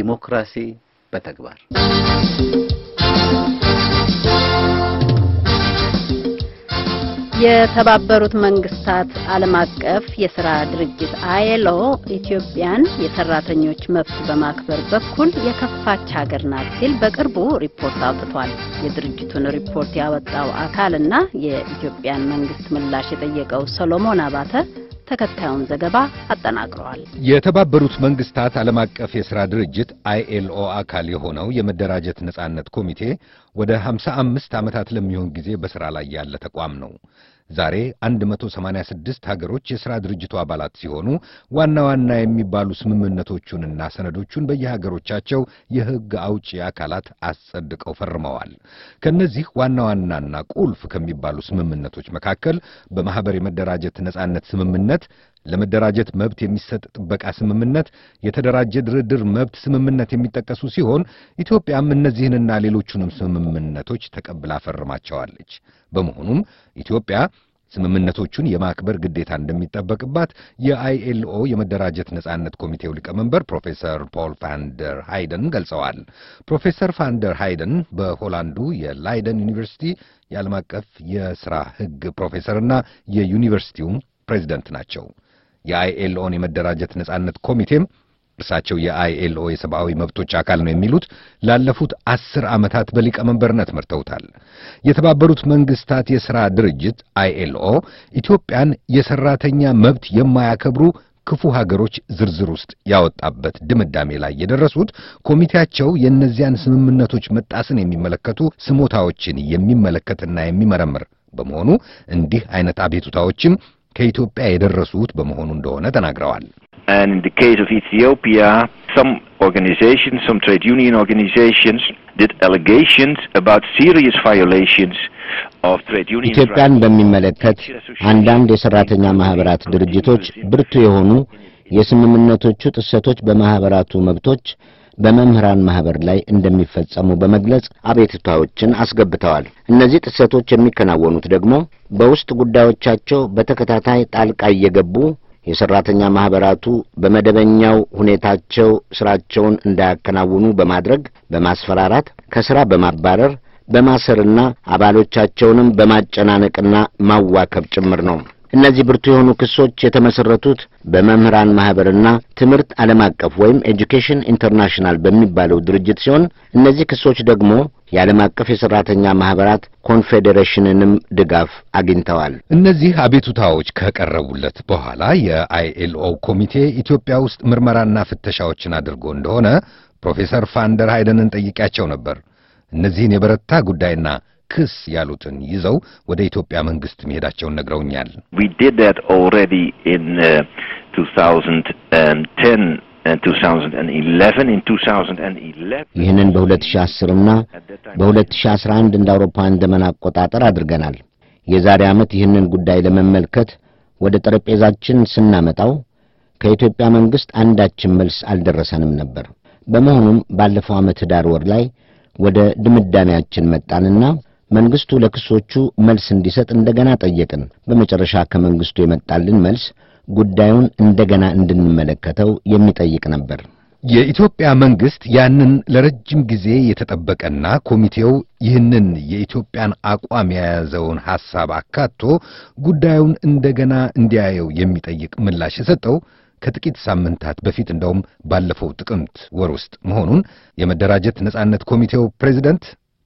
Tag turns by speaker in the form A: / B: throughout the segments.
A: ዲሞክራሲ በተግባር የተባበሩት መንግስታት ዓለም አቀፍ የስራ ድርጅት አይሎ ኢትዮጵያን የሰራተኞች መብት በማክበር በኩል የከፋች ሀገር ናት ሲል በቅርቡ ሪፖርት አውጥቷል። የድርጅቱን ሪፖርት ያወጣው አካልና የኢትዮጵያን መንግስት ምላሽ የጠየቀው ሰሎሞን አባተ ተከታዩን ዘገባ አጠናቅረዋል።
B: የተባበሩት መንግስታት ዓለም አቀፍ የሥራ ድርጅት አይኤልኦ አካል የሆነው የመደራጀት ነጻነት ኮሚቴ ወደ 55 ዓመታት ለሚሆን ጊዜ በሥራ ላይ ያለ ተቋም ነው። ዛሬ 186 ሀገሮች የሥራ ድርጅቱ አባላት ሲሆኑ ዋና ዋና የሚባሉ ስምምነቶቹንና ሰነዶቹን በየሀገሮቻቸው የሕግ አውጪ አካላት አጸድቀው ፈርመዋል። ከእነዚህ ዋና ዋናና ቁልፍ ከሚባሉ ስምምነቶች መካከል በማኅበር የመደራጀት ነጻነት ስምምነት ለመደራጀት መብት የሚሰጥ ጥበቃ ስምምነት፣ የተደራጀ ድርድር መብት ስምምነት የሚጠቀሱ ሲሆን ኢትዮጵያም እነዚህንና ሌሎቹንም ስምምነቶች ተቀብላ ፈርማቸዋለች። በመሆኑም ኢትዮጵያ ስምምነቶቹን የማክበር ግዴታ እንደሚጠበቅባት የአይኤልኦ የመደራጀት ነጻነት ኮሚቴው ሊቀመንበር ፕሮፌሰር ፖል ፋንደር ሃይደን ገልጸዋል። ፕሮፌሰር ፋንደር ሃይደን በሆላንዱ የላይደን ዩኒቨርሲቲ የዓለም አቀፍ የሥራ ሕግ ፕሮፌሰርና የዩኒቨርሲቲውም ፕሬዚደንት ናቸው። የአይኤልኦን የመደራጀት ነጻነት ኮሚቴም እርሳቸው የአይኤልኦ የሰብአዊ መብቶች አካል ነው የሚሉት ላለፉት አስር ዓመታት በሊቀመንበርነት መርተውታል። የተባበሩት መንግስታት የሥራ ድርጅት አይኤልኦ ኢትዮጵያን የሠራተኛ መብት የማያከብሩ ክፉ ሀገሮች ዝርዝር ውስጥ ያወጣበት ድምዳሜ ላይ የደረሱት ኮሚቴያቸው የእነዚያን ስምምነቶች መጣስን የሚመለከቱ ስሞታዎችን የሚመለከትና የሚመረምር በመሆኑ እንዲህ አይነት አቤቱታዎችም ከኢትዮጵያ የደረሱት በመሆኑ እንደሆነ ተናግረዋል።
C: ኢትዮጵያን
A: በሚመለከት አንዳንድ የሰራተኛ ማህበራት ድርጅቶች ብርቱ የሆኑ የስምምነቶቹ ጥሰቶች በማህበራቱ መብቶች በመምህራን ማህበር ላይ እንደሚፈጸሙ በመግለጽ አቤቱታዎችን አስገብተዋል። እነዚህ ጥሰቶች የሚከናወኑት ደግሞ በውስጥ ጉዳዮቻቸው በተከታታይ ጣልቃ እየገቡ የሰራተኛ ማህበራቱ በመደበኛው ሁኔታቸው ስራቸውን እንዳያከናውኑ በማድረግ በማስፈራራት፣ ከስራ በማባረር፣ በማሰርና አባሎቻቸውንም በማጨናነቅና ማዋከብ ጭምር ነው። እነዚህ ብርቱ የሆኑ ክሶች የተመሰረቱት በመምህራን ማህበርና ትምህርት ዓለም አቀፍ ወይም ኤጁኬሽን ኢንተርናሽናል በሚባለው ድርጅት ሲሆን እነዚህ ክሶች ደግሞ የዓለም አቀፍ የሠራተኛ ማኅበራት ኮንፌዴሬሽንንም ድጋፍ አግኝተዋል። እነዚህ አቤቱታዎች ከቀረቡለት በኋላ የአይኤልኦ
B: ኮሚቴ ኢትዮጵያ ውስጥ ምርመራና ፍተሻዎችን አድርጎ እንደሆነ ፕሮፌሰር ፋንደር ሃይደንን ጠይቄያቸው ነበር። እነዚህን የበረታ ጉዳይና ክስ ያሉትን ይዘው ወደ ኢትዮጵያ መንግስት መሄዳቸውን ነግረውኛል።
C: uh, uh,
A: ይህንን በ2010 እና በ2011 እንደ አውሮፓውያን ዘመን አቆጣጠር አድርገናል። የዛሬ ዓመት ይህንን ጉዳይ ለመመልከት ወደ ጠረጴዛችን ስናመጣው ከኢትዮጵያ መንግሥት አንዳችን መልስ አልደረሰንም ነበር። በመሆኑም ባለፈው ዓመት ኅዳር ወር ላይ ወደ ድምዳሜያችን መጣንና መንግስቱ ለክሶቹ መልስ እንዲሰጥ እንደገና ጠየቅን። በመጨረሻ ከመንግስቱ የመጣልን መልስ ጉዳዩን እንደገና እንድንመለከተው የሚጠይቅ ነበር።
B: የኢትዮጵያ መንግስት ያንን ለረጅም ጊዜ የተጠበቀና ኮሚቴው ይህንን የኢትዮጵያን አቋም የያዘውን ሐሳብ አካቶ ጉዳዩን እንደገና እንዲያየው የሚጠይቅ ምላሽ የሰጠው ከጥቂት ሳምንታት በፊት እንደውም ባለፈው ጥቅምት ወር ውስጥ መሆኑን የመደራጀት ነጻነት ኮሚቴው ፕሬዚደንት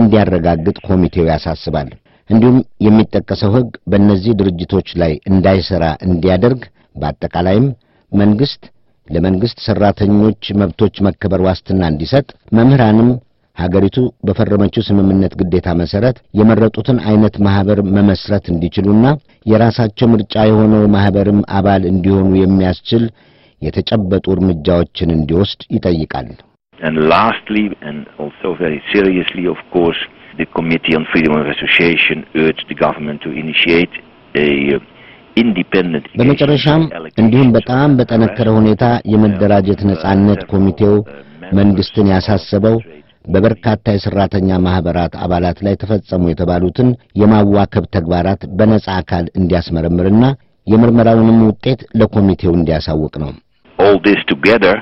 A: እንዲያረጋግጥ ኮሚቴው ያሳስባል። እንዲሁም የሚጠቀሰው ሕግ በእነዚህ ድርጅቶች ላይ እንዳይሠራ እንዲያደርግ፣ በአጠቃላይም መንግሥት ለመንግሥት ሠራተኞች መብቶች መከበር ዋስትና እንዲሰጥ፣ መምህራንም ሀገሪቱ በፈረመችው ስምምነት ግዴታ መሠረት የመረጡትን አይነት ማኅበር መመስረት እንዲችሉና የራሳቸው ምርጫ የሆነው ማኅበርም አባል እንዲሆኑ የሚያስችል የተጨበጡ እርምጃዎችን እንዲወስድ ይጠይቃል።
C: And lastly, and also very seriously, of course, the Committee on Freedom of Association urged the government to initiate a uh,
A: በመጨረሻም እንዲሁም በጣም በጠነከረ ሁኔታ የመደራጀት uh, ነጻነት ኮሚቴው መንግስትን ያሳሰበው በበርካታ የሠራተኛ ማኅበራት አባላት ላይ ተፈጸሙ የተባሉትን የማዋከብ ተግባራት በነጻ አካል እንዲያስመረምርና የምርመራውንም ውጤት ለኮሚቴው እንዲያሳውቅ ነው።
C: All this together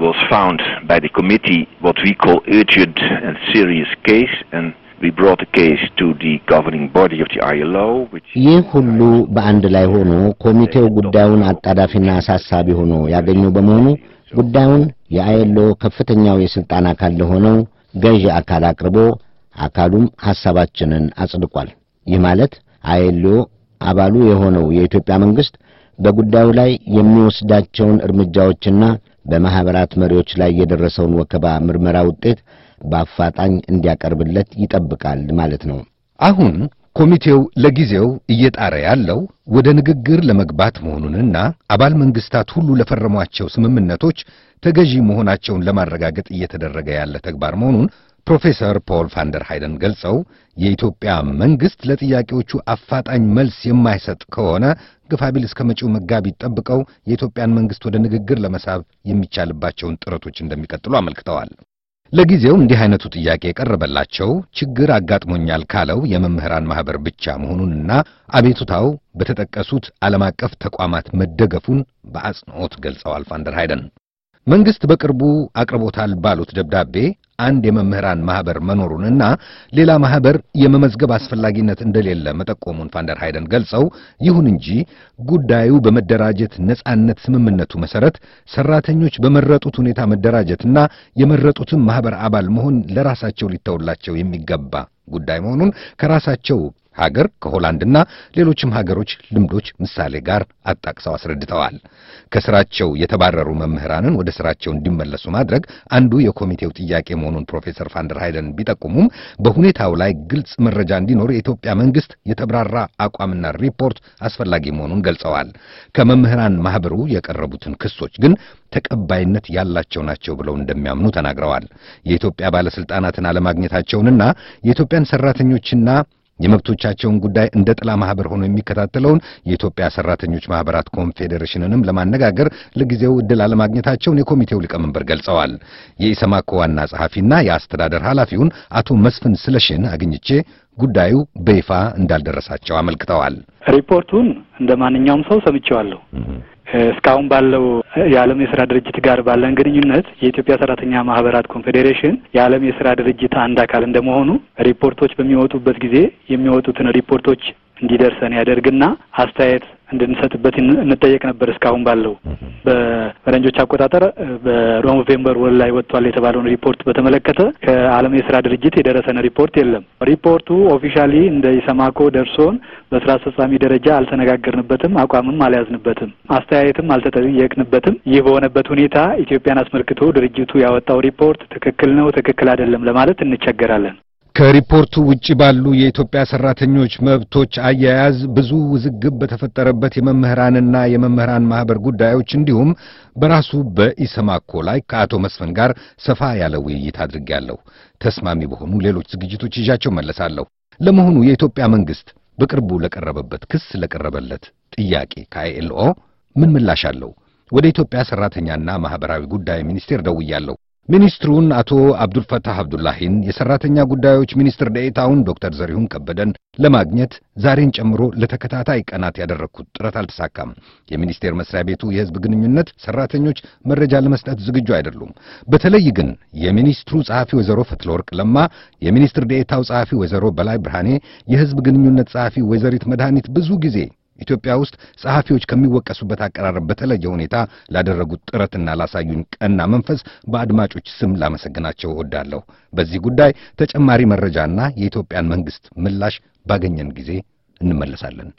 C: was found by the committee what we call urgent and serious case and we brought the case to the governing body of the ILO which
A: ይህ ሁሉ በአንድ ላይ ሆኖ ኮሚቴው ጉዳዩን አጣዳፊና አሳሳቢ ሆኖ ያገኘው በመሆኑ ጉዳዩን የአይሎ ከፍተኛው የስልጣን አካል ለሆነው ገዢ አካል አቅርቦ አካሉም ሐሳባችንን አጽድቋል። ይህ ማለት አይሎ አባሉ የሆነው የኢትዮጵያ መንግስት በጉዳዩ ላይ የሚወስዳቸውን እርምጃዎችና በማኅበራት መሪዎች ላይ የደረሰውን ወከባ ምርመራ ውጤት በአፋጣኝ እንዲያቀርብለት ይጠብቃል ማለት ነው።
B: አሁን ኮሚቴው ለጊዜው እየጣረ ያለው ወደ ንግግር ለመግባት መሆኑንና አባል መንግስታት ሁሉ ለፈረሟቸው ስምምነቶች ተገዢ መሆናቸውን ለማረጋገጥ እየተደረገ ያለ ተግባር መሆኑን ፕሮፌሰር ፖል ቫንደር ሃይደን ገልጸው የኢትዮጵያ መንግስት ለጥያቄዎቹ አፋጣኝ መልስ የማይሰጥ ከሆነ ግፋቢል እስከ መጪው መጋቢት ጠብቀው የኢትዮጵያን መንግስት ወደ ንግግር ለመሳብ የሚቻልባቸውን ጥረቶች እንደሚቀጥሉ አመልክተዋል። ለጊዜው እንዲህ አይነቱ ጥያቄ የቀረበላቸው ችግር አጋጥሞኛል ካለው የመምህራን ማህበር ብቻ መሆኑንና አቤቱታው በተጠቀሱት ዓለም አቀፍ ተቋማት መደገፉን በአጽንኦት ገልጸዋል። ፋንደር ሃይደን መንግስት በቅርቡ አቅርቦታል ባሉት ደብዳቤ አንድ የመምህራን ማህበር መኖሩንና ሌላ ማህበር የመመዝገብ አስፈላጊነት እንደሌለ መጠቆሙን ፋንደር ሃይደን ገልጸው፣ ይሁን እንጂ ጉዳዩ በመደራጀት ነጻነት ስምምነቱ መሰረት ሰራተኞች በመረጡት ሁኔታ መደራጀትና የመረጡትን ማህበር አባል መሆን ለራሳቸው ሊተውላቸው የሚገባ ጉዳይ መሆኑን ከራሳቸው ሀገር ከሆላንድና ሌሎችም ሀገሮች ልምዶች ምሳሌ ጋር አጣቅሰው አስረድተዋል። ከስራቸው የተባረሩ መምህራንን ወደ ስራቸው እንዲመለሱ ማድረግ አንዱ የኮሚቴው ጥያቄ መሆኑን ፕሮፌሰር ፋንደር ሃይደን ቢጠቁሙም በሁኔታው ላይ ግልጽ መረጃ እንዲኖር የኢትዮጵያ መንግስት የተብራራ አቋምና ሪፖርት አስፈላጊ መሆኑን ገልጸዋል። ከመምህራን ማህበሩ የቀረቡትን ክሶች ግን ተቀባይነት ያላቸው ናቸው ብለው እንደሚያምኑ ተናግረዋል። የኢትዮጵያ ባለስልጣናትን አለማግኘታቸውንና የኢትዮጵያን ሰራተኞችና የመብቶቻቸውን ጉዳይ እንደ ጥላ ማህበር ሆኖ የሚከታተለውን የኢትዮጵያ ሰራተኞች ማህበራት ኮንፌዴሬሽንንም ለማነጋገር ለጊዜው እድል አለማግኘታቸውን የኮሚቴው ሊቀመንበር ገልጸዋል። የኢሰማኮ ዋና ጸሐፊና የአስተዳደር ኃላፊውን አቶ መስፍን ስለሽን አግኝቼ ጉዳዩ በይፋ እንዳልደረሳቸው አመልክተዋል። ሪፖርቱን እንደ ማንኛውም ሰው ሰምቼዋለሁ። እስካሁን ባለው የዓለም የስራ ድርጅት ጋር ባለን ግንኙነት የኢትዮጵያ ሰራተኛ ማህበራት ኮንፌዴሬሽን የዓለም የስራ ድርጅት አንድ አካል እንደመሆኑ ሪፖርቶች በሚወጡበት ጊዜ የሚወጡትን ሪፖርቶች እንዲደርሰን ያደርግና አስተያየት እንድንሰጥበት እንጠየቅ ነበር። እስካሁን ባለው
C: በፈረንጆች
B: አቆጣጠር በኖቬምበር ወር ላይ ወጥቷል የተባለውን ሪፖርት በተመለከተ ከዓለም የስራ ድርጅት የደረሰን ሪፖርት የለም። ሪፖርቱ ኦፊሻሊ እንደ ኢሰማኮ ደርሶን በስራ አስፈጻሚ ደረጃ አልተነጋገርንበትም፣ አቋምም አልያዝንበትም፣ አስተያየትም አልተጠየቅንበትም። ይህ በሆነበት ሁኔታ ኢትዮጵያን አስመልክቶ ድርጅቱ ያወጣው ሪፖርት ትክክል ነው፣ ትክክል አይደለም ለማለት እንቸገራለን። ከሪፖርቱ ውጭ ባሉ የኢትዮጵያ ሰራተኞች መብቶች አያያዝ ብዙ ውዝግብ በተፈጠረበት የመምህራንና የመምህራን ማህበር ጉዳዮች እንዲሁም በራሱ በኢሰማኮ ላይ ከአቶ መስፍን ጋር ሰፋ ያለ ውይይት አድርጌያለሁ። ተስማሚ በሆኑ ሌሎች ዝግጅቶች ይዣቸው መለሳለሁ። ለመሆኑ የኢትዮጵያ መንግስት በቅርቡ ለቀረበበት ክስ ለቀረበለት ጥያቄ ከአይኤልኦ ምን ምላሽ አለው? ወደ ኢትዮጵያ ሰራተኛና ማህበራዊ ጉዳይ ሚኒስቴር ደውያለሁ። ሚኒስትሩን አቶ አብዱልፈታህ አብዱላሂን የሰራተኛ ጉዳዮች ሚኒስትር ደኤታውን ዶክተር ዘሪሁን ከበደን ለማግኘት ዛሬን ጨምሮ ለተከታታይ ቀናት ያደረግኩት ጥረት አልተሳካም። የሚኒስቴር መስሪያ ቤቱ የሕዝብ ግንኙነት ሰራተኞች መረጃ ለመስጠት ዝግጁ አይደሉም። በተለይ ግን የሚኒስትሩ ጸሐፊ ወይዘሮ ፈትለወርቅ ለማ፣ የሚኒስትር ደኤታው ጸሐፊ ወይዘሮ በላይ ብርሃኔ፣ የሕዝብ ግንኙነት ጸሐፊ ወይዘሪት መድኃኒት ብዙ ጊዜ ኢትዮጵያ ውስጥ ጸሐፊዎች ከሚወቀሱበት አቀራረብ በተለየ ሁኔታ ላደረጉት ጥረትና ላሳዩኝ ቀና መንፈስ በአድማጮች ስም ላመሰግናቸው እወዳለሁ። በዚህ ጉዳይ ተጨማሪ መረጃና የኢትዮጵያን መንግሥት ምላሽ ባገኘን ጊዜ እንመለሳለን።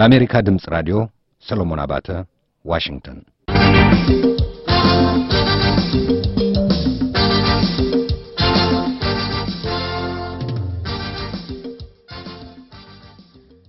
B: ለአሜሪካ ድምፅ ራዲዮ ሰሎሞን አባተ ዋሽንግተን